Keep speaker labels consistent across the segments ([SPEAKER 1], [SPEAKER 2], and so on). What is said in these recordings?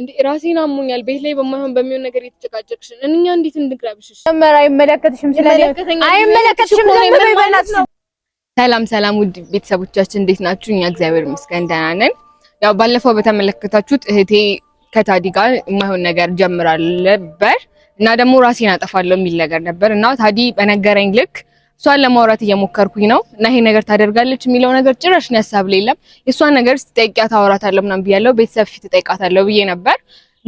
[SPEAKER 1] እንዴ ራሴን አሞኛል። ቤት ላይ በማይሆን በሚሆን ነገር የተጨቃጨቅሽ እኛ እንዴት እንድግራብሽሽ?
[SPEAKER 2] መራ አይመለከትሽም፣
[SPEAKER 1] አይመለከትሽም። ነው ሰላም ሰላም፣ ውድ ቤተሰቦቻችን እንዴት ናችሁ? እኛ እግዚአብሔር ይመስገን ደህና ነን። ያው ባለፈው በተመለከታችሁት እህቴ ከታዲ ጋር የማይሆን ነገር ጀምራለበር እና ደግሞ ራሴን አጠፋለሁ የሚል ነገር ነበር እና ታዲ በነገረኝ ልክ እሷን ለማውራት እየሞከርኩኝ ነው እና ይሄ ነገር ታደርጋለች የሚለው ነገር ጭራሽ ነው ያሳብ የለም። የእሷን ነገር ስትጠይቂያት አወራታለሁ ምናምን ብያለሁ። ቤተሰብ ፊት እጠይቃታለሁ ብዬ ነበር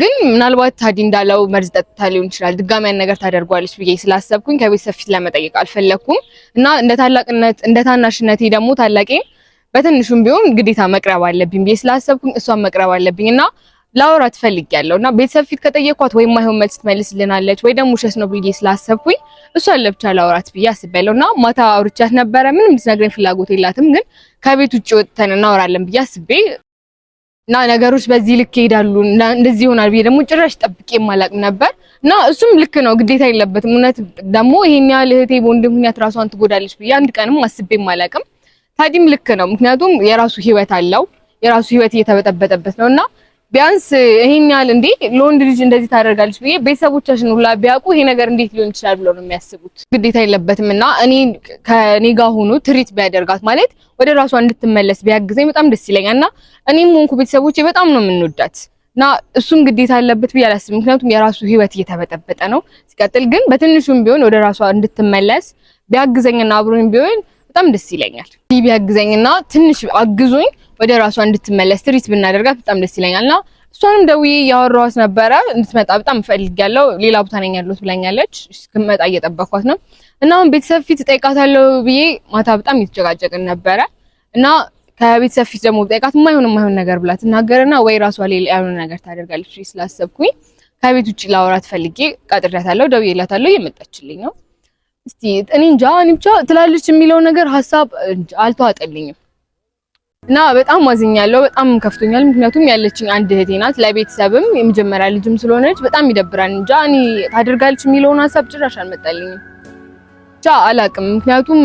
[SPEAKER 1] ግን ምናልባት ታዲ እንዳለው መርዝ ጠጥታ ሊሆን ይችላል ድጋሚ ያን ነገር ታደርጓለች ብዬ ስላሰብኩኝ ከቤተሰብ ፊት ለመጠየቅ አልፈለኩም እና እንደ ታላቅነት እንደ ታናሽነቴ ደግሞ ታላቄ በትንሹም ቢሆን ግዴታ መቅረብ አለብኝ ብዬ ስላሰብኩኝ እሷን መቅረብ አለብኝ እና ላውራ ትፈልግ ያለው እና ቤተሰብ ፊት ከጠየኳት ወይ ማይሆን መልስ ትመልስልናለች ወይ ደግሞ ውሸት ነው ብዬ ስላሰብኩኝ እሷን ለብቻ ላውራት ብዬ አስቤያለሁ እና ማታ አውርቻት ነበረ። ምንም ልትነግረኝ ፍላጎት የላትም፣ ግን ከቤት ውጭ ወጥተን እናወራለን ብዬ አስቤ እና ነገሮች በዚህ ልክ ይሄዳሉ እንደዚህ ይሆናል ብዬ ደግሞ ጭራሽ ጠብቄ የማላቅም ነበር እና እሱም ልክ ነው፣ ግዴታ የለበትም። እውነት ደግሞ ይሄን ያህል እህቴ በወንድም ምክንያት ራሷን ትጎዳለች ብዬ አንድ ቀንም አስቤ የማላቅም። ታዲም ልክ ነው፣ ምክንያቱም የራሱ ህይወት አለው የራሱ ህይወት እየተበጠበጠበት ነው እና ቢያንስ ይሄን ያህል እንዴ ለወንድ ልጅ እንደዚህ ታደርጋለች ብዬ ቤተሰቦቻችን ሁላ ቢያውቁ ይሄ ነገር እንዴት ሊሆን ይችላል ብለው ነው የሚያስቡት። ግዴታ የለበትም እና እኔ ከኔ ጋር ሆኖ ትሪት ቢያደርጋት ማለት ወደ ራሷ እንድትመለስ ቢያግዘኝ በጣም ደስ ይለኛል እና እኔም ሆንኩ ቤተሰቦቼ በጣም ነው የምንወዳት እና እሱም ግዴታ አለበት ብዬ አላስብም። ምክንያቱም የራሱ ህይወት እየተበጠበጠ ነው። ሲቀጥል ግን በትንሹም ቢሆን ወደ ራሷ እንድትመለስ ቢያግዘኝና አብሮኝ ቢሆን በጣም ደስ ይለኛል። ይህ ቢያግዘኝና ትንሽ አግዙኝ ወደ ራሷ እንድትመለስ ትሪት ብናደርጋት በጣም ደስ ይለኛል። ና እሷንም ደውዬ እያወራኋት ነበረ። እንድትመጣ በጣም እፈልጋለሁ፣ ሌላ ቦታ ነኝ ያለሁት ብላኛለች። እስክመጣ እየጠበኳት ነው እና አሁን ቤተሰብ ፊት እጠይቃታለሁ ብዬ ማታ በጣም እየተጨቃጨቅን ነበረ እና ከቤተሰብ ፊት ደግሞ ብጠይቃት የማይሆን የማይሆን ነገር ብላ ትናገርና ወይ ራሷ ሌላ ያልሆነ ነገር ታደርጋለች ስላሰብኩኝ ከቤት ውጭ ላወራት ፈልጌ ቀጥሬያታለሁ፣ ደውዬላታለሁ። እየመጣችልኝ ነው። እስቲ እኔ እንጃ እኔ ብቻ ትላለች የሚለው ነገር ሀሳብ አልተዋጠልኝም እና በጣም ማዝኛለሁ። በጣም ከፍቶኛል። ምክንያቱም ያለችኝ አንድ እህቴ ናት፣ ለቤተሰብም የመጀመሪያ ልጅም ስለሆነች በጣም ይደብራል። እንጃ እኔ ታደርጋለች የሚለውን ሀሳብ ጭራሽ አልመጣልኝም። ብቻ አላቅም ምክንያቱም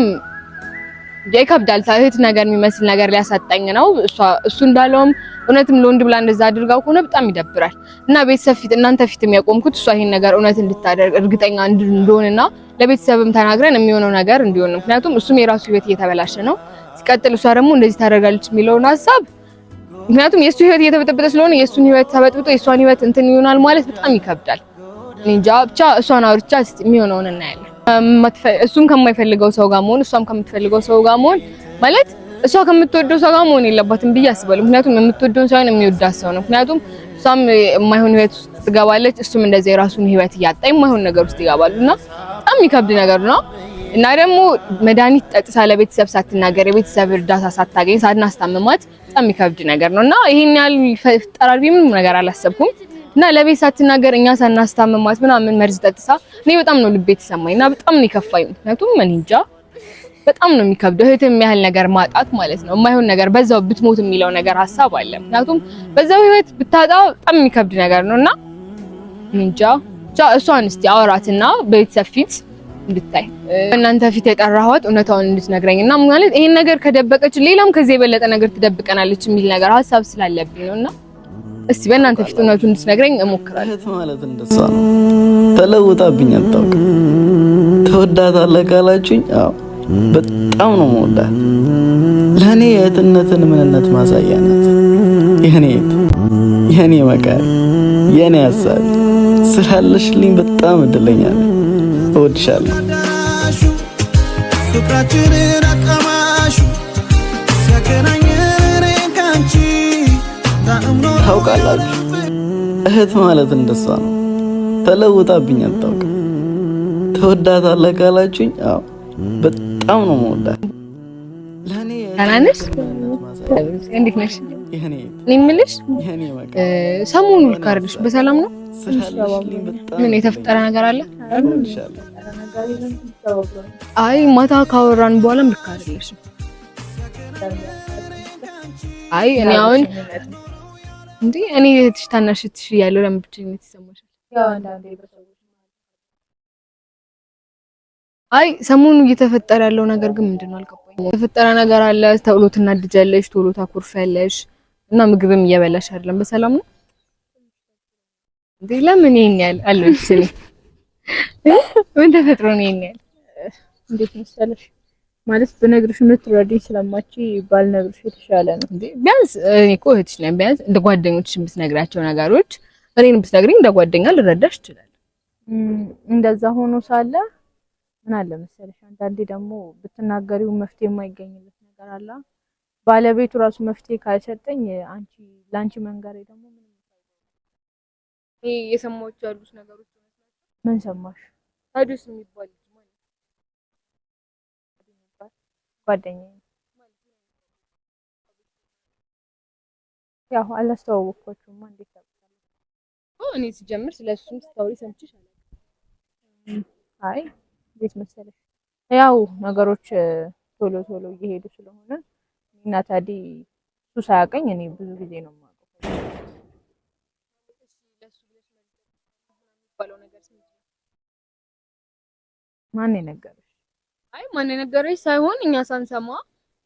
[SPEAKER 1] ይከብዳል። እህት ነገር የሚመስል ነገር ሊያሳጣኝ ነው። እሷ እሱ እንዳለውም እውነትም ለወንድ ብላ እንደዛ አድርጋው ከሆነ በጣም ይደብራል። እና ቤተሰብ ፊት እናንተ ፊት የሚያቆምኩት እሷ ይሄን ነገር እውነት እንድታደርግ እርግጠኛ እንደሆንና ለቤተሰብም ተናግረን የሚሆነው ነገር እንዲሆን፣ ምክንያቱም እሱም የራሱ ህይወት እየተበላሸ ነው። ሲቀጥል እሷ ደግሞ እንደዚህ ታደርጋለች የሚለውን ሀሳብ ምክንያቱም የእሱ ህይወት እየተበጠበጠ ስለሆነ የእሱን ህይወት ተበጥብጦ የእሷን ህይወት እንትን ይሆናል ማለት በጣም ይከብዳል። እንጃ ብቻ እሷን አውርቻ የሚሆነውን እናያለን። እሱም ከማይፈልገው ሰው ጋር መሆን እሷም ከምትፈልገው ሰው ጋር መሆን ማለት እሷ ከምትወደው ሰው ጋር መሆን የለባትም ብዬ አስባለሁ። ምክንያቱም የምትወደውን ሳይሆን የሚወዳት ሰው ነው። ምክንያቱም እሷም የማይሆን ህይወት ውስጥ ትገባለች፣ እሱም እንደዚህ የራሱን ህይወት እያጣ የማይሆን ነገር ውስጥ ይገባሉ እና በጣም የሚከብድ ነገር ነው እና ደግሞ መድኃኒት ጠጥሳ ለቤተሰብ ሳትናገር የቤተሰብ እርዳታ ሳታገኝ ሳናስታምማት በጣም የሚከብድ ነገር ነው እና ይሄን ያህል ይፈጠራል ምንም ነገር አላሰብኩም። እና ለቤት ሳትናገር እኛ ሳናስታመማት ምናምን መርዝ ጠጥሳ እኔ በጣም ነው ልቤ የተሰማኝ እና በጣም ነው የከፋኝ። ምክንያቱም እኔ እንጃ በጣም ነው የሚከብደው እህት የሚያህል ነገር ማጣት ማለት ነው። የማይሆን ነገር በዛው ብትሞት የሚለው ነገር ሀሳብ አለ። ምክንያቱም በዛው ህይወት ብታጣ በጣም የሚከብድ ነገር ነው እና እንጃ እሷን እስቲ አውራትና በቤተሰብ ፊት እንድታይ እናንተ ፊት የጠራኋት እውነታውን እንድትነግረኝ እና ማለት ይሄን ነገር ከደበቀች ሌላም ከዚህ የበለጠ ነገር ትደብቀናለች የሚል ነገር ሀሳብ ስላለብኝ ነው እና እስቲ በእናንተ ፊት እውነቱ እንድትነግረኝ እሞክራለሁ።
[SPEAKER 2] እህት ማለት እንደሷ ነው። ተለውጣብኝ አታውቅም። ትወዳታለህ ካላችሁኝ፣ አዎ በጣም ነው መወዳት። ለእኔ የእህትነትን ምንነት ማሳያ ናት። የኔ እህት፣ የኔ መካሪ፣ የኔ ሀሳቢ ስላለሽልኝ በጣም እድለኛ ነኝ። እወድሻለሁ። ፍቅራችንን አቀማሹ ሲያገናኝ እኔን ካንቺ ታውቃላችሁ፣ እህት ማለት እንደሷ ነው። ተለውጣብኝ አታውቅም። ተወዳታለህ ካላችሁኝ፣ አዎ በጣም ነው የምወዳት።
[SPEAKER 1] እንዴት ነሽ? እኔ የምልሽ ሰሞኑን በሰላም ነው? ምን የተፈጠረ ነገር አለ? አይ ማታ ካወራን በኋላም ልካርልሽ። አይ እኔ አሁን እንዴ እኔ እህትሽ ታናሽ እህትሽ እያለሁ ለምን ብቸኝነት ይሰማሻል? አይ ሰሞኑ እየተፈጠረ ያለው ነገር ግን ምንድን ነው አልገባኝም። የተፈጠረ ነገር አለ። ቶሎ ትናድጃለሽ፣ ቶሎ ታኮርፊያለሽ እና ምግብም እየበላሽ አይደለም። በሰላም ነው እንዴ? ለምን ይሄን ያህል አልወድሽም? ምን ተፈጥሮ ነው ይሄን ያህል? እንዴት መሰለሽ ማለት ብነግርሽ የምትረዱኝ ስለማች ባልነግርሽ የተሻለ ነው። ቢያንስ እኔ እኮ እህትሽ ነኝ። ቢያንስ እንደ ጓደኞችሽ የምትነግራቸው ነገሮች እኔን ብትነግሪኝ እንደ ጓደኛ ልረዳሽ ይችላል። እንደዛ ሆኖ ሳለ ምን አለ መሰለሽ፣ አንዳንዴ ደግሞ ብትናገሪው መፍትሄ የማይገኝበት ነገር አለ። ባለቤቱ ራሱ መፍትሄ ካልሰጠኝ አንቺ ለአንቺ መንገሬ ደግሞ ምን ይሄ የሰማዎች ያሉት ነገሮች ምን ሰማሽ ታዲያ የሚባል ጓደኛዬ ነው። ያው አላስተዋወቅኳችሁማ እንዴት ታውቃለህ? እኔ ሲጀምር ስለሱም ስታወሪ ሰምቼሽ አላውቅም። አይ እንዴት መሰለሽ ያው ነገሮች ቶሎ ቶሎ እየሄዱ ስለሆነ እና ታዲ እሱ ሳያውቀኝ እኔ ብዙ ጊዜ ነው የማውቀው። ማን የነገረሽ? አይ ማን የነገረች ሳይሆን እኛ ሳንሰማ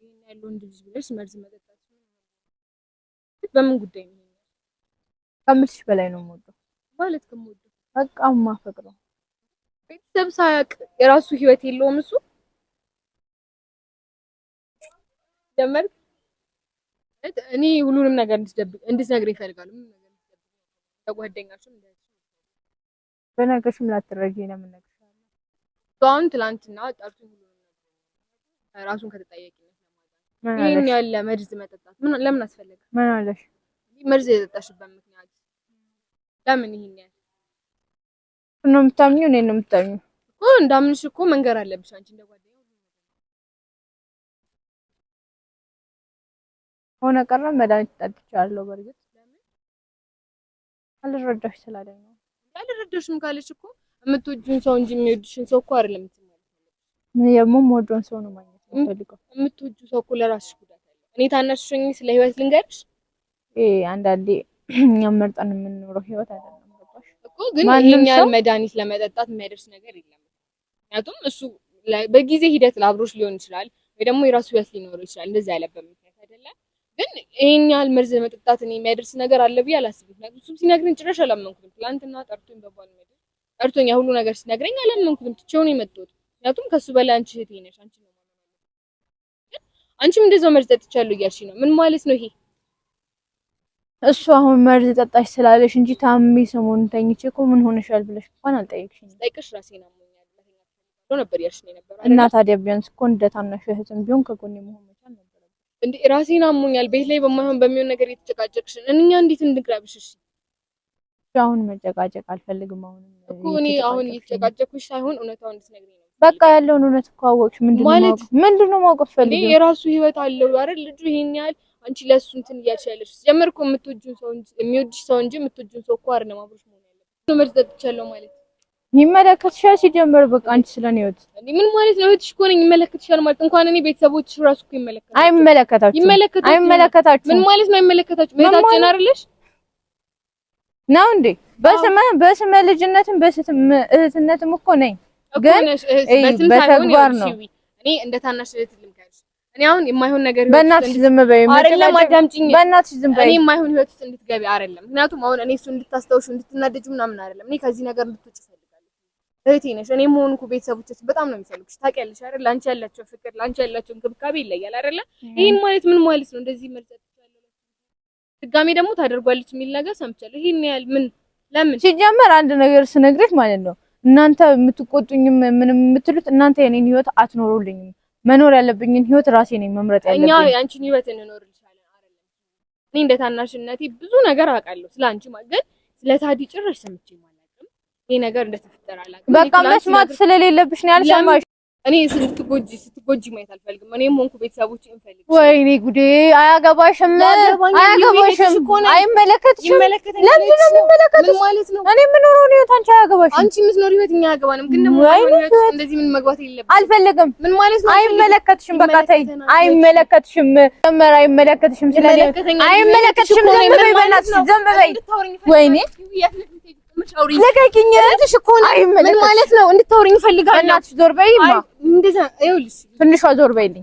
[SPEAKER 1] ይሄን ያለው እንድልጅ ብለሽ መርዝ መጠጣት በምን ጉዳይ ነው? ከምልሽ በላይ ነው የምወደው ማለት ከምወደው በቃ የማፈቅረው ቤተሰብ ሳያውቅ የራሱ ህይወት የለውም እሱ ጀመር እኔ ሁሉንም ነገር እንድትደብቅ እንድትነግረኝ ይፈልጋሉ። ምን ነገር እንድትደብቅ በጓደኛሽም እንደዚህ በነገርሽም ላትረጂ ነው ምን እሱ አሁን ትላንትና ጣርቱን ራሱን ከተጠያቂነት ይህን ያለ መርዝ መጠጣት ምን ለምን አስፈለገ? ምን አለሽ? መርዝ የጠጣሽበት ምክንያት ለምን? ይህን ያለ ነው የምታምኙ? እኔ ነው የምታምኙ እኮ እንዳምንሽ እኮ መንገር አለብሽ አንቺ እንደ ጓደኛ ሆነ ቀረ መድኃኒት ጠጥቻለሁ። በእርግጥ ለምን አልረዳሽ ስላለኝ ነው። አልረዳሽም ካለሽ እኮ የምትወጂውን ሰው እንጂ የሚወድሽን ሰው እኮ አይደለም። ምን ደግሞ የምወደውን ሰው ነው ማግኘት የምፈልገው። የምትወጂው ሰው እኮ ለራስሽ ጉዳት አለ። እኔ ታናሽ ስለ ህይወት ልንገርሽ። አንዳንዴ እኛም መርጠን የምንኖረው ህይወት አይደለም እኮ ግን ይህኛል መድኃኒት ለመጠጣት የሚያደርስ ነገር የለም። ምክንያቱም እሱ በጊዜ ሂደት ለአብሮሽ ሊሆን ይችላል ወይ ደግሞ የራሱ ህይወት ሊኖረው ይችላል። እንደዛ ያለበት ምክንያት አይደለም። ግን ይህን ያህል መርዝ ለመጠጣት የሚያደርስ ነገር አለ ብዬ አላስብም። ምክንያቱም እሱም ሲነግረኝ ጭራሽ አላመንኩትም። ትላንትና ጠርቶኝ በባል መድ እርቶኛ ሁሉ ነገር ሲነግረኝ አላመንኩትም። ትቼው ነው የመጣሁት። ምክንያቱም ከሱ በላይ አንቺ እህቴ ነሽ። አንቺ ነው ግን አንቺም እንደዛው መርዝ ጠጥቻለሁ እያልሽ ነው። ምን ማለት ነው ይሄ? እሱ አሁን መርዝ ጠጣሽ ስላለሽ እንጂ ታሚ ሰሞኑን ተኝቼ እኮ ምን ሆነሻል ብለሽ እንኳን አልጠየቅሽኝ። ጠይቅሽ ራሴን ነው ብሎ ነበር ያልሽ ነው ነበር እና ታዲያ ቢያንስ እኮ እንደ ታናሽ እህትም ቢሆን ከጎኔ መሆን መቻል ነበር እንዴ። ራሴን አሞኛል ቤት ላይ በማይሆን በሚሆን ነገር የተጨቃጨቅሽን እኛ እንዴት እንድግራብሽሽ አሁን መጨቃጨቅ አልፈልግም። አሁን እኔ አሁን እየተጨቃጨኩሽ ሳይሆን እውነታውን እንድትነግሪኝ ነው። በቃ ያለውን እውነት እኮ አወቅሽ። ምንድነው ማለት ምንድነው ማወቅ ፈልግ። የራሱ ህይወት አለው አይደል? ልጁ ይሄን ያህል አንቺ ለሱ እንትን እያልሽ ያለሽ ጀመር እኮ የምትወጂው ሰው እንጂ የሚወድሽ ሰው እንጂ የምትወጂው ሰው እኮ አይደለም። አብሮሽ ነው ያለው መርዝ ጠጥቻለሁ ማለት ይመለከትሻል። ሲጀመር በቃ አንቺ ስለኔ ህይወት ምን ማለት ነው? እህትሽ እኮ ነኝ። ይመለከትሻል ማለት እንኳን እኔ ቤተሰቦችሽ ራሱ እኮ ይመለከታል። አይመለከታችሁም። አይመለከታችሁም። ምን ማለት ነው? አይመለከታችሁም። እህታችን አይደለሽ ነው እንዴ? በስመ በስመ ልጅነትም በስመ እህትነትም እኮ ነኝ፣ ግን በተግባር ነው። እኔ እንደ ታናሽ እህት ልምካሽ። እኔ አሁን የማይሆን ነገር በእናትሽ ዝም በይ፣ አይደለም አዳምጪኝ፣ በእናትሽ ዝም በይ። እኔ የማይሆን ህይወት ውስጥ እንድትገቢ አይደለም። ምክንያቱም አሁን እኔ እሱ እንድታስታውሹ እንድትናደጁ ምናምን አይደለም። እኔ ከዚህ ነገር እንድትወጪ እፈልጋለሁ። እህቴ ነሽ። እኔ መሆንኩ ቤተሰቦቻችን በጣም ነው የሚፈልጉሽ። ታውቂያለሽ አይደል? ላንቺ ያላቸው ፍቅር፣ ላንቺ ያላቸው እንክብካቤ ይለያል አይደለ? ይሄን ማለት ምን ማለት ነው? እንደዚህ መልሰት ድጋሚ ደግሞ ታደርጓለች የሚል ነገር ሰምቻለሁ። ይሄን ያህል ምን ለምን ሲጀመር አንድ ነገር ስነግርሽ ማለት ነው እናንተ የምትቆጡኝም ምንም የምትሉት እናንተ የኔን ህይወት አትኖሩልኝም። መኖር ያለብኝን ህይወት ራሴ ነኝ መምረጥ ያለብኝ። እኛ ያንቺን ህይወት እንኖርልሻለን አይደል? እኔ እንደ ታናሽነቴ ብዙ ነገር አውቃለሁ ስለአንቺ ማለት ግን ስለታዲ ጭራሽ ሰምቼ ማለት ይሄ ነገር እንደተፈጠረ አላውቅም። በቃ መስማት ስለሌለብሽ ነው ያልሰማሽ እኔ ስትጎጂ ስትጎጂ ማየት አልፈልግም። እኔም ሆንኩ ቤተሰቦች እንፈልግ። ወይኔ ጉዴ! አያገባሽም፣ አያገባሽም፣ አይመለከትሽም። ለምንድን ነው የሚመለከትሽ? እኔ የምኖረው ህይወት አንቺ አያገባሽም። አንቺ የምትኖሪው ህይወት እኛ አያገባንም። ግን ደግሞ እንደዚህ ምን መግባት የለብንም። አልፈልግም። ምን ማለት ነው? አይመለከትሽም። በቃ ተይ፣ አይመለከትሽም። መመራ አይመለከትሽም። ስለዚህ አይመለከትሽም። ዘንብ በይ፣ በእናትሽ ዘንብ በይ። ወይኔ ልቀቂኝ እህትሽ እኮ ምን ማለት ነው? እንድታወሪኝ እፈልጋለሁ። እናትሽ ዞር በይማ። ትንሿ ዞር በይልኝ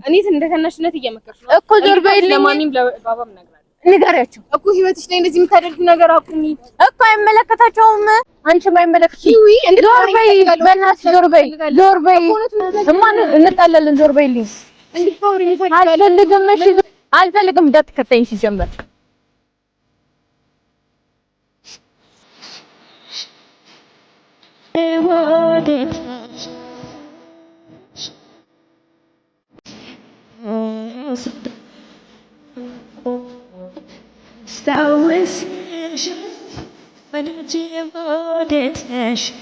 [SPEAKER 1] እኮ ዞር በይልኝ። ንገሪያቸው እኮ ህይወትሽ ላይ እንደዚህ የምታደርጊው ነገር አቁሚ እኮ አይመለከታቸውም። አንቺም አይመለከትሽም። ዞር በይ በእናትሽ ዞር በይ፣ ዞር በይ። እማን እንጣላለን። ዞር በይልኝ። አልፈልግም፣ እሺ አልፈልግም። እንዳትከተይኝ ሲጀመር change